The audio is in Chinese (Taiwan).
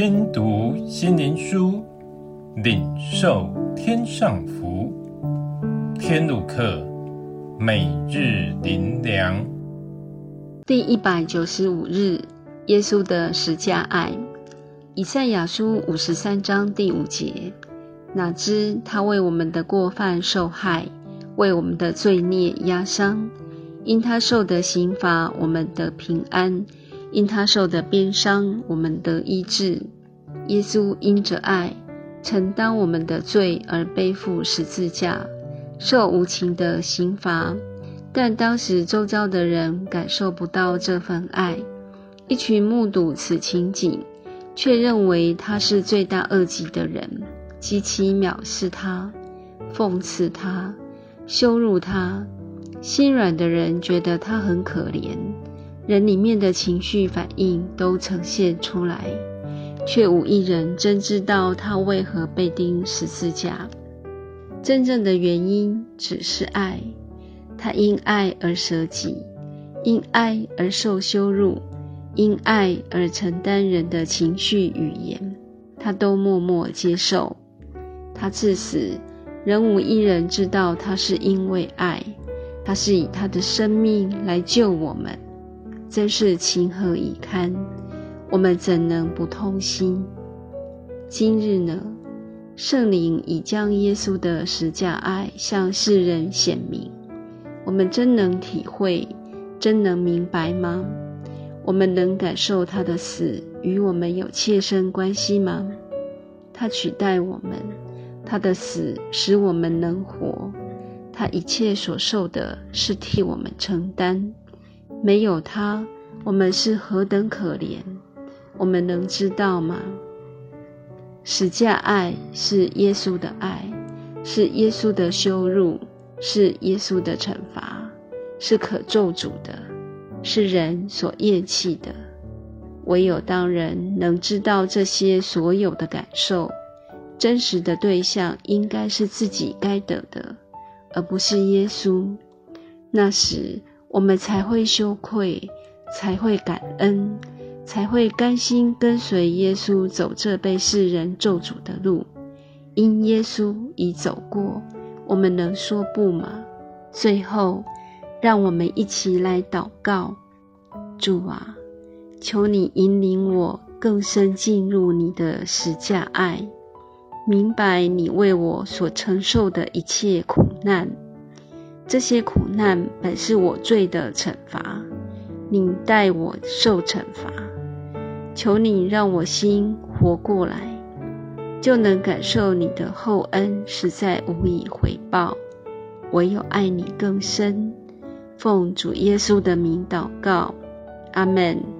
聽讀心靈書，領受天上福。天路客，每日靈糧。第一百九十五日，耶穌的十架愛，以賽亞書五十三章第五節：哪知他為我們的過犯受害，為我們的罪孽壓傷。因他受的刑罰，我們得平安。因他受的鞭傷，我們得醫治。耶穌因着愛，承擔我們的罪而背負十字架，受無情的刑罰。但當時周遭的人感受不到這份愛，一群目睹此情景，卻認為他是罪大惡極的人，極其藐視他，諷刺他，羞辱他。心軟的人覺得他很可憐。人裡面的情緒反應都呈現出來，卻無一人真知道他為何被釘十字架。真正的原因只是愛，他因愛而捨己，因愛而受羞辱，因愛而承擔人的情緒語言，他都默默接受。他至死，仍無一人知道他是因為愛，他是以他的生命來救我們。真是情何以堪！我們怎能不痛心？今日呢，聖靈已將耶穌的十架愛向世人顯明。我們真能體會，真能明白嗎？我們能感受他的死與我們有切身關係嗎？他取代我們，他的死使我們能活。他一切所受的是替我們承擔。沒有他，我們是何等可憐！我們能知道嗎？十架愛是耶穌的愛，是耶穌的羞辱，是耶穌的懲罰，是可咒詛的，是人所厭棄的。唯有當人能知道這些所有的感受，真實的對象應該是自己該得的，而不是耶穌。那時，我們才會羞愧，才會感恩，才會甘心跟隨耶穌走這被世人咒詛的路。因耶穌已走過，我們能說不嗎？最後，讓我們一起來禱告：主啊，求你引領我更深進入你的十架愛，明白你為我所承受的一切苦難。這些苦難本是我罪的懲罰，你代我受懲罰，求你讓我心活過來，就能感受你的厚恩，實在無以回報，唯有愛你更深。奉主耶穌的名禱告，阿們。